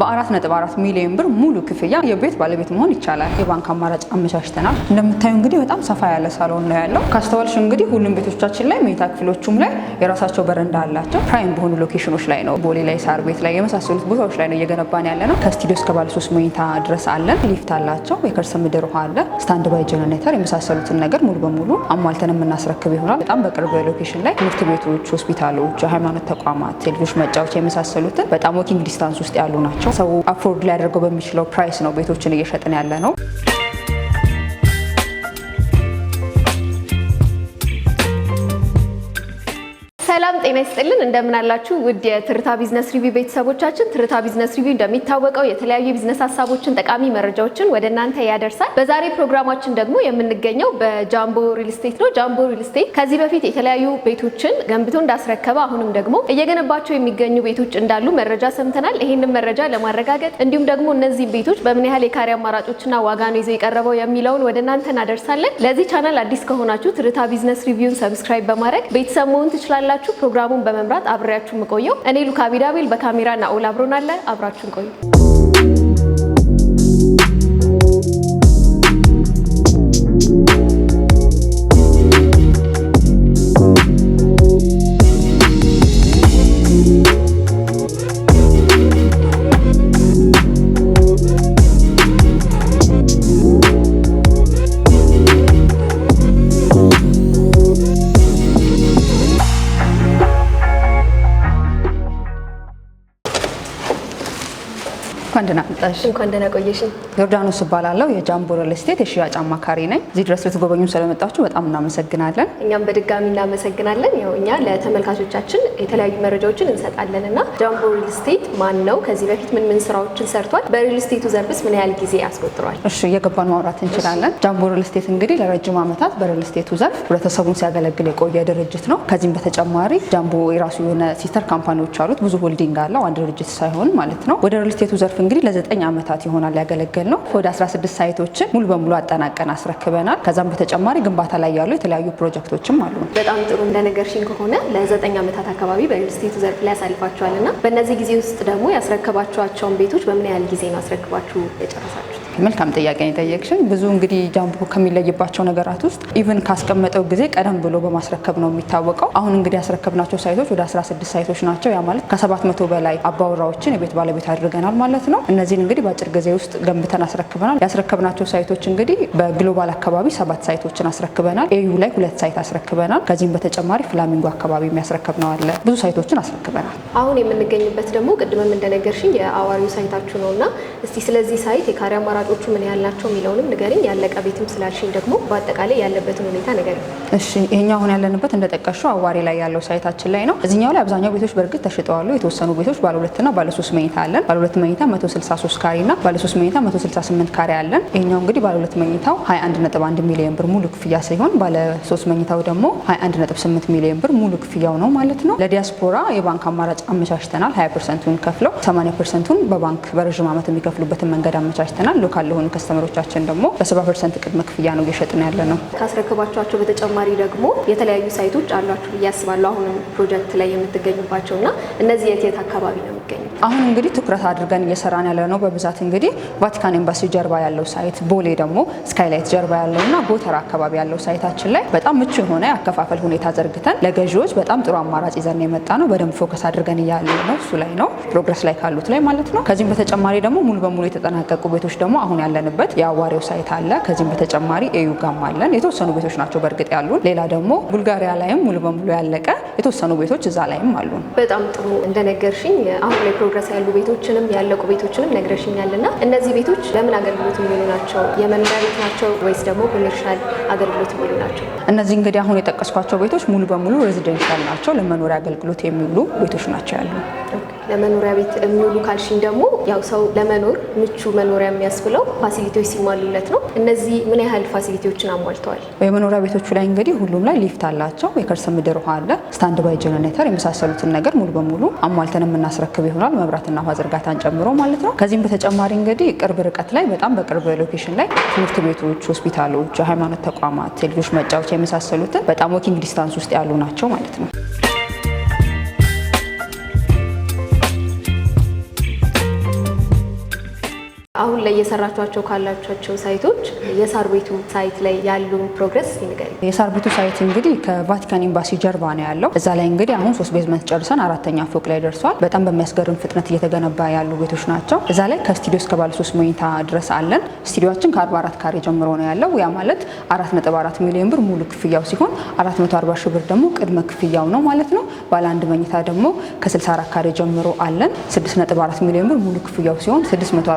በ4.4 ሚሊዮን ብር ሙሉ ክፍያ የቤት ባለቤት መሆን ይቻላል። የባንክ አማራጭ አመቻችተናል። እንደምታዩ እንግዲህ በጣም ሰፋ ያለ ሳሎን ነው ያለው። ካስተዋልሽ እንግዲህ ሁሉም ቤቶቻችን ላይ መኝታ ክፍሎቹም ላይ የራሳቸው በረንዳ አላቸው። ፕራይም በሆኑ ሎኬሽኖች ላይ ነው፣ ቦሌ ላይ፣ ሳር ቤት ላይ የመሳሰሉት ቦታዎች ላይ ነው እየገነባን ያለ ነው። ከስቱዲዮ እስከ ባለ ሶስት መኝታ ድረስ አለን። ሊፍት አላቸው። የከርሰ ምድር ውሃ አለ፣ ስታንድ ባይ ጀነሬተር የመሳሰሉትን ነገር ሙሉ በሙሉ አሟልተን የምናስረክብ ይሆናል። በጣም በቅርብ ሎኬሽን ላይ ትምህርት ቤቶች፣ ሆስፒታሎች፣ ሃይማኖት ተቋማት፣ የልጆች መጫወቻ የመሳሰሉትን በጣም ወኪንግ ዲስታንስ ውስጥ ያሉ ናቸው። ናቸው። ሰው አፎርድ ሊያደርገው በሚችለው ፕራይስ ነው ቤቶችን እየሸጥን ያለ ነው። ጤና ይስጥልን እንደምን አላችሁ ውድ የትርታ ቢዝነስ ሪቪው ቤተሰቦቻችን። ትርታ ቢዝነስ ሪቪው እንደሚታወቀው የተለያዩ የቢዝነስ ሀሳቦችን፣ ጠቃሚ መረጃዎችን ወደ እናንተ ያደርሳል። በዛሬ ፕሮግራማችን ደግሞ የምንገኘው በጃምቦ ሪል ስቴት ነው። ጃምቦ ሪል ስቴት ከዚህ በፊት የተለያዩ ቤቶችን ገንብቶ እንዳስረከበ አሁንም ደግሞ እየገነባቸው የሚገኙ ቤቶች እንዳሉ መረጃ ሰምተናል። ይህንን መረጃ ለማረጋገጥ እንዲሁም ደግሞ እነዚህ ቤቶች በምን ያህል የካሬ አማራጮችና ዋጋ ነው ይዞ የቀረበው የሚለውን ወደ እናንተ እናደርሳለን። ለዚህ ቻናል አዲስ ከሆናችሁ ትርታ ቢዝነስ ሪቪውን ሰብስክራይብ በማድረግ ቤተሰብ መሆን ትችላላችሁ። ፕሮግራም ፕሮግራሙን በመምራት አብሬያችሁ የምቆየው እኔ ሉካ ቢዳቤል፣ በካሜራ ናኦል አብሮናለ። አብራችሁን ቆዩ። መጣሽ። እንኳን ደህና ቆየሽ ዮርዳኖስ እባላለሁ የጃምቦ ሪል ስቴት የሽያጭ አማካሪ ነኝ። እዚህ ድረስ ልትጎበኙ ስለመጣችሁ በጣም እናመሰግናለን። እኛም በድጋሚ እናመሰግናለን። ያው እኛ ለተመልካቾቻችን የተለያዩ መረጃዎችን እንሰጣለን እና ጃምቦ ሪል ስቴት ማን ነው? ከዚህ በፊት ምን ምን ስራዎችን ሰርቷል? በሪል ስቴቱ ዘርፍስ ምን ያህል ጊዜ አስቆጥሯል? እሺ፣ እየገባን ማውራት እንችላለን። ጃምቦ ሪል ስቴት እንግዲህ ለረጅም ዓመታት በሪል ስቴቱ ዘርፍ ህብረተሰቡን ሲያገለግል የቆየ ድርጅት ነው። ከዚህም በተጨማሪ ጃምቦ የራሱ የሆነ ሲስተር ካምፓኒዎች አሉት። ብዙ ሆልዲንግ አለው፣ አንድ ድርጅት ሳይሆን ማለት ነው። ወደ ሪል ስቴቱ ዘርፍ እንግዲህ ለዘጠኝ ዘጠኝ ዓመታት ይሆናል ያገለገል ነው። ወደ 16 ሳይቶችን ሙሉ በሙሉ አጠናቀን አስረክበናል። ከዛም በተጨማሪ ግንባታ ላይ ያሉ የተለያዩ ፕሮጀክቶችም አሉ። በጣም ጥሩ። እንደነገርሽኝ ከሆነ ለዘጠኝ ዓመታት አካባቢ በሪል ዘርፍ ላይ ያሳልፋችኋል እና በእነዚህ ጊዜ ውስጥ ደግሞ ያስረከባችኋቸውን ቤቶች በምን ያህል ጊዜ ነው አስረክባችሁ የጨረሳችሁ? መልካም ጥያቄ የጠየቅሽኝ። ብዙ እንግዲህ ጃምቦ ከሚለይባቸው ነገራት ውስጥ ኢቭን ካስቀመጠው ጊዜ ቀደም ብሎ በማስረከብ ነው የሚታወቀው። አሁን እንግዲህ ያስረከብናቸው ሳይቶች ወደ 16 ሳይቶች ናቸው። ያ ማለት ከ መቶ በላይ አባወራዎችን የቤት ባለቤት አድርገናል ማለት ነው። እነዚህን እንግዲህ በአጭር ጊዜ ውስጥ ገንብተን አስረክበናል። ያስረከብናቸው ሳይቶች እንግዲህ በግሎባል አካባቢ ሰባት ሳይቶችን አስረክበናል። ኤዩ ላይ ሁለት ሳይት አስረክበናል። ከዚህም በተጨማሪ ፍላሚንጎ አካባቢ የሚያስረከብ ነው አለ። ብዙ ሳይቶችን አስረክበናል። አሁን የምንገኝበት ደግሞ ቅድምም እንደነገርሽኝ የአዋሪው ሳይታችሁ ነው እና እስቲ ስለዚህ ሳይት የካሪ አማራ አማራጮቹ ምን ያላቸው የሚለውንም ንገሪኝ። ያለቀ ቤትም ስላልሽኝ ደግሞ በአጠቃላይ ያለበትን ሁኔታ ነገር። እሺ፣ ይሄኛው አሁን ያለንበት እንደጠቀሽው አዋሪ ላይ ያለው ሳይታችን ላይ ነው። እዚህኛው ላይ አብዛኛው ቤቶች በእርግጥ ተሽጠዋሉ። የተወሰኑ ቤቶች ባለ ሁለትና ባለ ሶስት መኝታ አለን። ባለ ሁለት መኝታ 163 ካሬ እና ባለ ሶስት መኝታ 168 ካሬ አለን። ይሄኛው እንግዲህ ባለ ሁለት መኝታው 21.1 ሚሊዮን ብር ሙሉ ክፍያ ሲሆን ባለ ሶስት መኝታው ደግሞ 21.8 ሚሊዮን ብር ሙሉ ክፍያው ነው ማለት ነው። ለዲያስፖራ የባንክ አማራጭ አመቻችተናል። 20 ፐርሰንቱን ከፍለው 80 ፐርሰንቱን በባንክ በረዥም ዓመት የሚከፍሉበትን መንገድ አመቻችተናል። አካል ለሆኑ ከስተመሮቻችን ደግሞ በሰባ ፐርሰንት ቅድመ ክፍያ ነው እየሸጥን ያለ ነው። ካስረከባቸኋቸው በተጨማሪ ደግሞ የተለያዩ ሳይቶች አሏችሁ ብዬ አስባለሁ አሁንም ፕሮጀክት ላይ የምትገኙባቸው እና እነዚህ የት የት አካባቢ ነው የሚገኙ? አሁን እንግዲህ ትኩረት አድርገን እየሰራን ያለ ነው በብዛት እንግዲህ ቫቲካን ኤምባሲ ጀርባ ያለው ሳይት፣ ቦሌ ደግሞ ስካይላይት ጀርባ ያለው እና ጎተራ አካባቢ ያለው ሳይታችን ላይ በጣም ምቹ የሆነ የአከፋፈል ሁኔታ ዘርግተን ለገዢዎች በጣም ጥሩ አማራጭ ይዘን የመጣ ነው። በደንብ ፎከስ አድርገን እያለ ነው እሱ ላይ ነው። ፕሮግረስ ላይ ካሉት ላይ ማለት ነው። ከዚህም በተጨማሪ ደግሞ ሙሉ በሙሉ የተጠናቀቁ ቤቶች ደግሞ አሁን ያለንበት የአዋሬው ሳይት አለ። ከዚህም በተጨማሪ ኤዩ አለን። የተወሰኑ ቤቶች ናቸው በእርግጥ ያሉን። ሌላ ደግሞ ቡልጋሪያ ላይም ሙሉ በሙሉ ያለቀ የተወሰኑ ቤቶች እዛ ላይም አሉን። በጣም ጥሩ እንደነገርሽኝ አሁን ላይ ፕሮግረስ ያሉ ቤቶችንም ያለቁ ቤቶችንም ነግረሽኛል እና እነዚህ ቤቶች ለምን አገልግሎት የሚሉ ናቸው? የመኖሪያ ቤት ናቸው ወይስ ደግሞ ኮሜርሻል አገልግሎት የሚሉ ናቸው? እነዚህ እንግዲህ አሁን የጠቀስኳቸው ቤቶች ሙሉ በሙሉ ሬዚደንሻል ናቸው፣ ለመኖሪያ አገልግሎት የሚውሉ ቤቶች ናቸው ያሉ ለመኖሪያ ቤት የሚውሉ ካልሽኝ ደግሞ ያው ሰው ለመኖር ምቹ መኖሪያ የሚያስብለው ፋሲሊቲዎች ሲሟሉለት ነው። እነዚህ ምን ያህል ፋሲሊቲዎችን አሟልተዋል? የመኖሪያ ቤቶቹ ላይ እንግዲህ ሁሉም ላይ ሊፍት አላቸው፣ የከርሰ ምድር ውሃ አለ፣ ስታንድ ባይ ጀነሬተር የመሳሰሉትን ነገር ሙሉ በሙሉ አሟልተን የምናስረክብ ይሆናል፣ መብራትና ውሃ ዝርጋታን ጨምሮ ማለት ነው። ከዚህም በተጨማሪ እንግዲህ ቅርብ ርቀት ላይ በጣም በቅርብ ሎኬሽን ላይ ትምህርት ቤቶች፣ ሆስፒታሎች፣ የሃይማኖት ተቋማት፣ የልጆች መጫወቻ የመሳሰሉትን በጣም ወኪንግ ዲስታንስ ውስጥ ያሉ ናቸው ማለት ነው። አሁን ላይ እየሰራችኋቸው ካላችኋቸው ሳይቶች የሳር ቤቱ ሳይት ላይ ያሉ ፕሮግረስ ይንገሪ። የሳር ቤቱ ሳይት እንግዲህ ከቫቲካን ኤምባሲ ጀርባ ነው ያለው። እዛ ላይ እንግዲህ አሁን ሶስት ቤዝመንት ጨርሰን አራተኛ ፎቅ ላይ ደርሷል። በጣም በሚያስገርም ፍጥነት እየተገነባ ያሉ ቤቶች ናቸው። እዛ ላይ ከስቱዲዮ እስከ ባለ ሶስት መኝታ ድረስ አለን። ስቱዲዮችን ከ44 ካሬ ጀምሮ ነው ያለው። ያ ማለት አራት ሚሊዮን ብር ሙሉ ክፍያው ሲሆን አርባ ሺህ ብር ደግሞ ቅድመ ክፍያው ነው ማለት ነው። ባለ አንድ መኝታ ደግሞ ከስልሳ አራት ካሬ ጀምሮ አለን። አራት ሚሊዮን ብር ሙሉ ክፍያው ሲሆን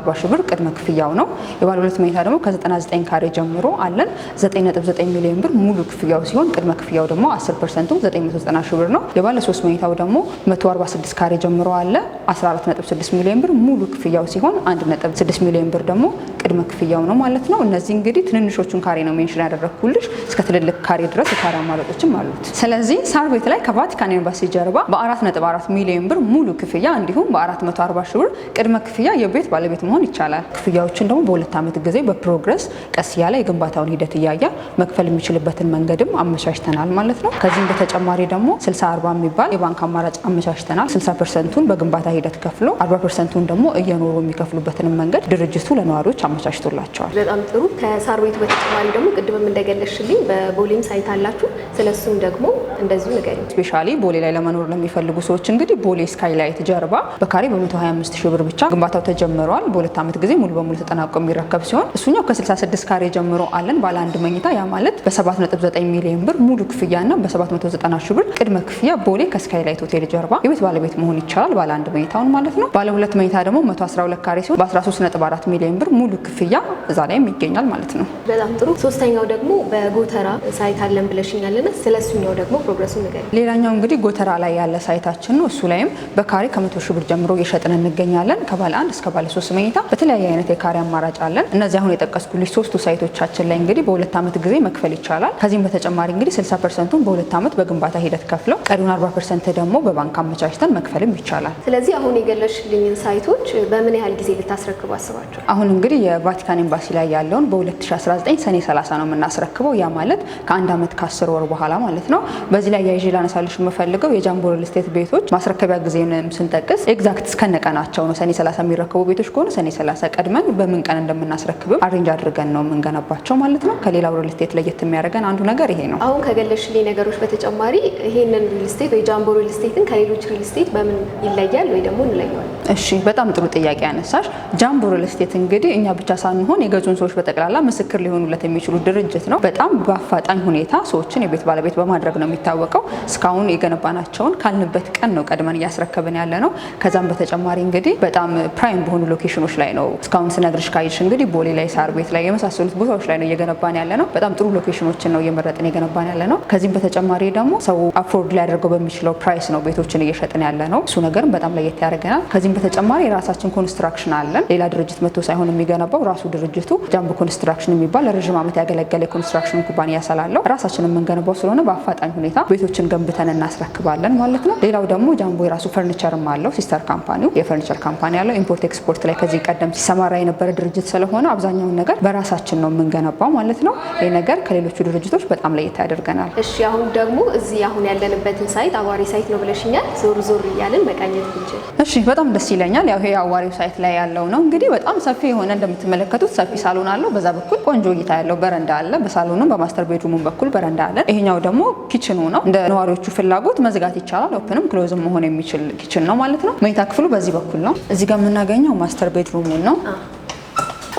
አርባ ሺህ ብር ቅድመ ክፍያው ነው። የባለ ሁለት መኝታ ደግሞ ከ99 ካሬ ጀምሮ አለን 9.9 ሚሊዮን ብር ሙሉ ክፍያው ሲሆን ቅድመ ክፍያው ደግሞ 10 ፐርሰንቱ 990 ሺህ ብር ነው። የባለ ሶስት መኝታው ደግሞ 146 ካሬ ጀምሮ አለ 14.6 ሚሊዮን ብር ሙሉ ክፍያው ሲሆን 1.6 ሚሊዮን ብር ደግሞ ቅድመ ክፍያው ነው ማለት ነው። እነዚህ እንግዲህ ትንንሾቹን ካሬ ነው ሜንሽን ያደረግኩልሽ እስከ ትልልቅ ካሬ ድረስ የካሬ አማራጮችም አሉት። ስለዚህ ሳር ቤት ላይ ከቫቲካን ኤምባሲ ጀርባ በ4.4 ሚሊዮን ብር ሙሉ ክፍያ እንዲሁም በ440 ሺህ ብር ቅድመ ክፍያ የቤት ባለቤት መሆን ይቻላል። ይችላል። ክፍያዎችን ደግሞ በሁለት ዓመት ጊዜ በፕሮግረስ ቀስ ያለ የግንባታውን ሂደት እያያ መክፈል የሚችልበትን መንገድም አመቻችተናል ማለት ነው። ከዚህም በተጨማሪ ደግሞ 60 40 የሚባል የባንክ አማራጭ አመቻችተናል። 60 ፐርሰንቱን በግንባታ ሂደት ከፍሎ 40 ፐርሰንቱን ደግሞ እየኖሩ የሚከፍሉበትንም መንገድ ድርጅቱ ለነዋሪዎች አመቻችቶላቸዋል። በጣም ጥሩ። ከሳር ቤቱ በተጨማሪ ደግሞ ቅድምም እንደገለሽልኝ በቦሌም ሳይት አላችሁ። ስለሱም ደግሞ እንደዚሁ ንገሪ። ስፔሻሊ ቦሌ ላይ ለመኖር ለሚፈልጉ ሰዎች እንግዲህ ቦሌ ስካይላይት ጀርባ በካሬ በ125 ሺህ ብር ብቻ ግንባታው ተጀምረዋል። በሁለት ዓመት ጊዜ ሙሉ በሙሉ ተጠናቆ የሚረከብ ሲሆን እሱኛው ከ66 ካሬ ጀምሮ አለን ባለ አንድ መኝታ። ያ ማለት በ7.9 ሚሊዮን ብር ሙሉ ክፍያና በ790 ሺ ብር ቅድመ ክፍያ ቦሌ ከስካይላይት ሆቴል ጀርባ የቤት ባለቤት መሆን ይቻላል። ባለ አንድ መኝታውን ማለት ነው። ባለ ሁለት መኝታ ደግሞ 112 ካሬ ሲሆን በ13.4 ሚሊዮን ብር ሙሉ ክፍያ እዛ ላይም ይገኛል ማለት ነው። በጣም ጥሩ። ሶስተኛው ደግሞ በጎተራ ሳይት አለን ብለሽኛልና ስለ እሱኛው ደግሞ ፕሮግረሱ ንገሪ። ሌላኛው እንግዲህ ጎተራ ላይ ያለ ሳይታችን ነው። እሱ ላይም በካሬ ከ100 ሺ ብር ጀምሮ እየሸጥን እንገኛለን። ከባለ አንድ እስከ ባለ ሶስት መኝታ በተለያዩ የተለያየ አይነት የካሬ አማራጭ አለን። እነዚህ አሁን የጠቀስኩልሽ ሶስቱ ሳይቶቻችን ላይ እንግዲህ በሁለት ዓመት ጊዜ መክፈል ይቻላል። ከዚህም በተጨማሪ እንግዲህ 60 ፐርሰንቱን በሁለት ዓመት በግንባታ ሂደት ከፍለው ቀሪውን 40 ፐርሰንት ደግሞ በባንክ አመቻችተን መክፈልም ይቻላል። ስለዚህ አሁን የገለሽልኝን ሳይቶች በምን ያህል ጊዜ ልታስረክቡ አስባቸው? አሁን እንግዲህ የቫቲካን ኤምባሲ ላይ ያለውን በ2019 ሰኔ 30 ነው የምናስረክበው። ያ ማለት ከአንድ ዓመት ከአስር ወር በኋላ ማለት ነው። በዚህ ላይ ያይዤ ላነሳልሽ የምፈልገው የጃምቦ ሪል ስቴት ቤቶች ማስረከቢያ ጊዜንም ስንጠቅስ ኤግዛክት እስከነቀናቸው ነው። ሰኔ 30 የሚረከቡ ቤቶች ከሆኑ ሰኔ 30 ቀድመን በምን ቀን እንደምናስረክብም አሬንጅ አድርገን ነው የምንገነባቸው ማለት ነው። ከሌላው ሪል ስቴት ለየት የሚያደርገን አንዱ ነገር ይሄ ነው። አሁን ከገለሽልኝ ነገሮች በተጨማሪ ይሄንን ሪል ስቴት ወይ ጃምቦ ሪል ስቴትን ከሌሎች ሪል ስቴት በምን ይለያል ወይ ደግሞ እንለየዋል? እሺ፣ በጣም ጥሩ ጥያቄ አነሳሽ። ጃምቦ ሪል ስቴት እንግዲህ እኛ ብቻ ሳንሆን የገዙን ሰዎች በጠቅላላ ምስክር ሊሆኑለት የሚችሉ ድርጅት ነው። በጣም በአፋጣኝ ሁኔታ ሰዎችን የቤት ባለቤት በማድረግ ነው የሚታወቀው። እስካሁን የገነባናቸውን ካልንበት ቀን ነው ቀድመን እያስረከብን ያለ ነው። ከዛም በተጨማሪ እንግዲህ በጣም ፕራይም በሆኑ ሎኬሽኖች ላይ ነው እስካሁን ስነግርሽ ካይሽ እንግዲህ ቦሌ ላይ፣ ሳር ቤት ላይ የመሳሰሉት ቦታዎች ላይ ነው እየገነባን ያለ ነው። በጣም ጥሩ ሎኬሽኖችን ነው እየመረጥን የገነባን ያለ ነው። ከዚህም በተጨማሪ ደግሞ ሰው አፎርድ ሊያደርገው በሚችለው ፕራይስ ነው ቤቶችን እየሸጥን ያለ ነው። እሱ ነገርም በጣም ለየት ያደርገናል። ከዚህም በተጨማሪ የራሳችን ኮንስትራክሽን አለን። ሌላ ድርጅት መጥቶ ሳይሆን የሚገነባው ራሱ ድርጅቱ ጃምቦ ኮንስትራክሽን የሚባል ለረዥም ዓመት ያገለገለ የኮንስትራክሽን ኩባንያ ስላለው ራሳችን የምንገነባው ስለሆነ በአፋጣኝ ሁኔታ ቤቶችን ገንብተን እናስረክባለን ማለት ነው። ሌላው ደግሞ ጃምቦ የራሱ ፈርኒቸርም አለው። ሲስተር ካምፓኒው የፈርኒቸር ካምፓኒ አለው። ኢምፖርት ኤክስፖርት ላይ ከዚህ ቀደም ሲሰማራ የነበረ ድርጅት ስለሆነ አብዛኛውን ነገር በራሳችን ነው የምንገነባው ማለት ነው። ይህ ነገር ከሌሎቹ ድርጅቶች በጣም ለየት ያደርገናል። እሺ፣ አሁን ደግሞ እዚህ አሁን ያለንበትን ሳይት አዋሪ ሳይት ነው ብለሽኛል። ዞር ዞር እያልን መቃኘት ብንችል። እሺ፣ በጣም ደስ ይለኛል። ያው ይሄ አዋሪው ሳይት ላይ ያለው ነው እንግዲህ በጣም ሰፊ የሆነ እንደምትመለከቱት ሰፊ ሳሎን አለው። በዛ በኩል ቆንጆ እይታ ያለው በረንዳ አለ። በሳሎኑም በማስተር ቤድሩሙን በኩል በረንዳ አለ። ይሄኛው ደግሞ ኪችኑ ነው። እንደ ነዋሪዎቹ ፍላጎት መዝጋት ይቻላል። ኦፕንም ክሎዝም መሆን የሚችል ኪችን ነው ማለት ነው። መኝታ ክፍሉ በዚህ በኩል ነው። እዚህ ጋር የምናገኘው ማስተር ቤድሩሙን ነው።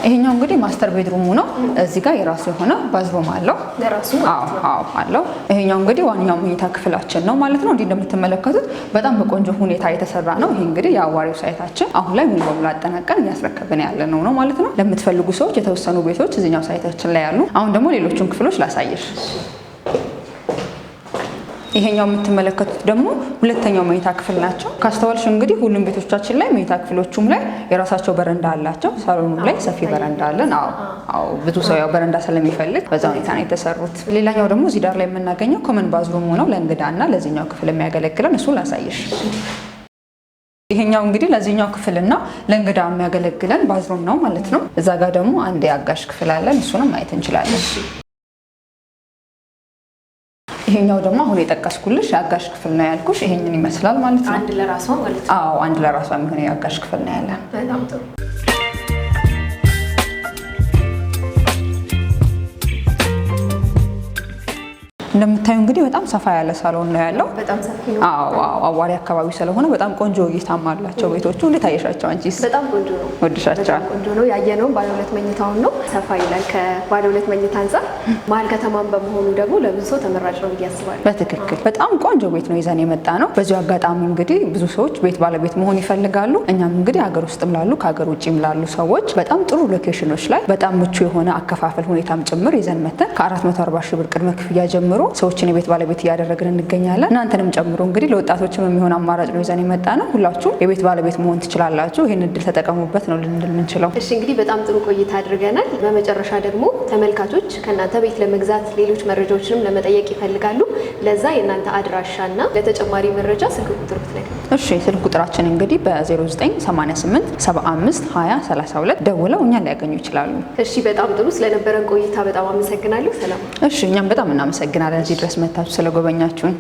ይሄኛው እንግዲህ ማስተር ቤድሩሙ ነው። እዚህ ጋር የራሱ የሆነ ባዝሩም አለው ለራሱ አለው። ይሄኛው እንግዲህ ዋንኛው መኝታ ክፍላችን ነው ማለት ነው። እንዲህ እንደምትመለከቱት በጣም በቆንጆ ሁኔታ የተሰራ ነው። ይሄ እንግዲህ የአዋሪው ሳይታችን አሁን ላይ ሙሉ በሙሉ አጠናቀን እያስረከብን ያለ ነው ነው ማለት ነው። ለምትፈልጉ ሰዎች የተወሰኑ ቤቶች እዚኛው ሳይታችን ላይ ያሉ፣ አሁን ደግሞ ሌሎቹን ክፍሎች ላሳየሽ። ይሄኛው የምትመለከቱት ደግሞ ሁለተኛው መኝታ ክፍል ናቸው። ካስተዋልሽ እንግዲህ ሁሉም ቤቶቻችን ላይ መኝታ ክፍሎቹም ላይ የራሳቸው በረንዳ አላቸው። ሳሎኑም ላይ ሰፊ በረንዳ አለን። አዎ አዎ፣ ብዙ ሰው ያው በረንዳ ስለሚፈልግ በዛ ሁኔታ ነው የተሰሩት። ሌላኛው ደግሞ እዚህ ዳር ላይ የምናገኘው ኮመን ባዝሩም ነው ለእንግዳ እና ለዚህኛው ክፍል የሚያገለግለን እሱ ላሳየሽ። ይሄኛው እንግዲህ ለዚህኛው ክፍልና ለእንግዳ የሚያገለግለን ባዝሩም ነው ማለት ነው። እዛ ጋር ደግሞ አንድ የአጋሽ ክፍል አለን። እሱንም ማየት እንችላለን። ይሄኛው ደግሞ አሁን የጠቀስኩልሽ የአጋዥ ክፍል ነው ያልኩሽ። ይሄንን ይመስላል ማለት ነው። አንድ ለራሷ ማለት አዎ፣ አንድ ለራሷ የሚሆነ የአጋዥ ክፍል ነው ያለን። እንደምታዩ እንግዲህ በጣም ሰፋ ያለ ሳሎን ነው ያለው። አዋሪ አካባቢ ስለሆነ በጣም ቆንጆ እይታም አላቸው ቤቶቹ። እንዴት አየሻቸው አንቺስ? በጣም ቆንጆ ነው፣ ወድሻቸዋል? ቆንጆ ነው። ያየነውም ባለ ሁለት መኝታውን ነው። ሰፋ ይላል ከባለ ሁለት መኝታ አንጻር፣ መሀል ከተማም በመሆኑ ደግሞ ለብዙ ሰው ተመራጭ ነው ብዬ አስባለሁ። በትክክል በጣም ቆንጆ ቤት ነው ይዘን የመጣ ነው። በዚሁ አጋጣሚ እንግዲህ ብዙ ሰዎች ቤት ባለቤት መሆን ይፈልጋሉ። እኛም እንግዲህ ሀገር ውስጥም ላሉ ከሀገር ውጭም ላሉ ሰዎች በጣም ጥሩ ሎኬሽኖች ላይ በጣም ምቹ የሆነ አከፋፈል ሁኔታም ጭምር ይዘን መተን ከ440 ሺህ ብር ቅድመ ክፍያ ጀምሮ ሰዎችን የቤት ባለቤት እያደረግን እንገኛለን። እናንተንም ጨምሮ እንግዲህ ለወጣቶችም የሚሆን አማራጭ ነው ይዘን የመጣ ነው። ሁላችሁም የቤት ባለቤት መሆን ትችላላችሁ። ይህን እድል ተጠቀሙበት ነው ልንል ምንችለው። እሺ እንግዲህ በጣም ጥሩ ቆይታ አድርገናል። በመጨረሻ ደግሞ ተመልካቾች ከእናንተ ቤት ለመግዛት ሌሎች መረጃዎችንም ለመጠየቅ ይፈልጋሉ። ለዛ የእናንተ አድራሻና ለተጨማሪ መረጃ ስልክ ቁጥር ብትነግረን። እሺ ስልክ ቁጥራችን እንግዲህ በ0988 75 20 32 ደውለው እኛን ሊያገኙ ይችላሉ። እሺ በጣም ጥሩ ስለነበረን ቆይታ በጣም አመሰግናለሁ። ሰላም። እሺ እኛም በጣም እናመሰግናለን። እዚህ ድረስ መታችሁ ስለጎበኛችሁን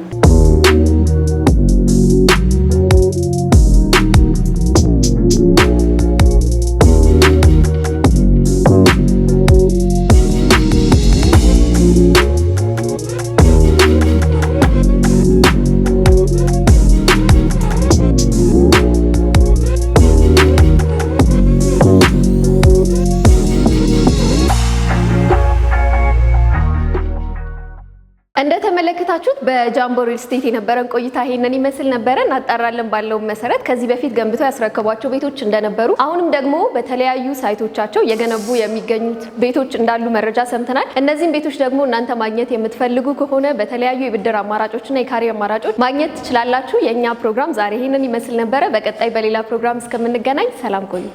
በጃምቦ ሪል ስቴት የነበረን ቆይታ ይሄንን ይመስል ነበረ። እናጣራለን ባለው መሰረት ከዚህ በፊት ገንብቶ ያስረከቧቸው ቤቶች እንደነበሩ አሁንም ደግሞ በተለያዩ ሳይቶቻቸው የገነቡ የሚገኙት ቤቶች እንዳሉ መረጃ ሰምተናል። እነዚህም ቤቶች ደግሞ እናንተ ማግኘት የምትፈልጉ ከሆነ በተለያዩ የብድር አማራጮችና የካሬ አማራጮች ማግኘት ትችላላችሁ። የእኛ ፕሮግራም ዛሬ ይህንን ይመስል ነበረ። በቀጣይ በሌላ ፕሮግራም እስከምንገናኝ ሰላም ቆዩ።